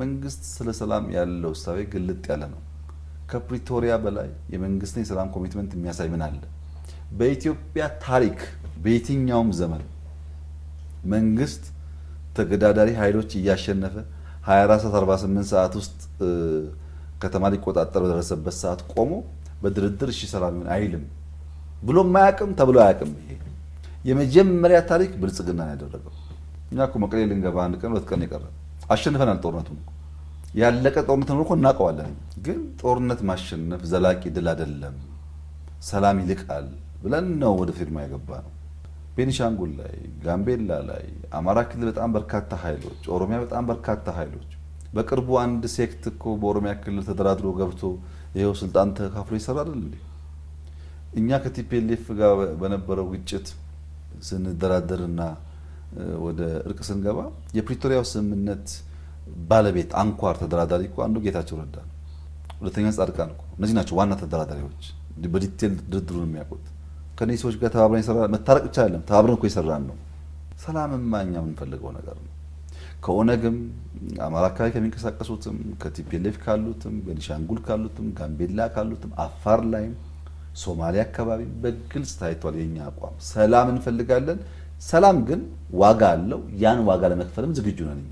መንግስት ስለ ሰላም ያለው እሳቤ ግልጥ ያለ ነው። ከፕሪቶሪያ በላይ የመንግስትን የሰላም ኮሚትመንት የሚያሳይ ምን አለ? በኢትዮጵያ ታሪክ በየትኛውም ዘመን መንግስት ተገዳዳሪ ኃይሎች እያሸነፈ 248 ሰዓት ውስጥ ከተማ ሊቆጣጠር በደረሰበት ሰዓት ቆሞ በድርድር እሺ ሰላም አይልም ብሎ ማያቅም ተብሎ አያቅም። ይሄ የመጀመሪያ ታሪክ ብልጽግና ያደረገው። እኛ እኮ መቀሌ ልንገባ አንድ ቀን ሁለት ቀን የቀረ አሸንፈናል። ጦርነቱ ያለቀ ጦርነት ነው እኮ እናውቀዋለን። ግን ጦርነት ማሸነፍ ዘላቂ ድል አይደለም፣ ሰላም ይልቃል ብለን ነው ወደ ፊርማ የገባ ነው። ቤኒሻንጉል ላይ፣ ጋምቤላ ላይ፣ አማራ ክልል በጣም በርካታ ኃይሎች፣ ኦሮሚያ በጣም በርካታ ኃይሎች። በቅርቡ አንድ ሴክት እኮ በኦሮሚያ ክልል ተደራድሮ ገብቶ ይኸው ስልጣን ተካፍሎ ይሰራል እንዴ? እኛ ከቲፒኤልኤፍ ጋር በነበረው ግጭት ስንደራደርና ወደ እርቅ ስንገባ የፕሪቶሪያው ስምምነት ባለቤት አንኳር ተደራዳሪ እኮ አንዱ ጌታቸው ረዳ ነው። ሁለተኛ ጻድቃን እኮ እነዚህ ናቸው ዋና ተደራዳሪዎች፣ በዲቴል ድርድሩን የሚያውቁት ከእነዚህ ሰዎች ጋር ተባብረን የሰራ መታረቅ ብቻ አይደለም፣ ተባብረን እኮ የሰራን ነው። ሰላምማ እኛ የምንፈልገው ነገር ነው። ከኦነግም አማራ አካባቢ ከሚንቀሳቀሱትም ከቲፒኤልኤፍ ካሉትም ቤኒሻንጉል ካሉትም ጋምቤላ ካሉትም አፋር ላይም ሶማሊያ አካባቢ በግልጽ ታይቷል። የኛ አቋም ሰላም እንፈልጋለን። ሰላም ግን ዋጋ አለው። ያን ዋጋ ለመክፈልም ዝግጁ ነን።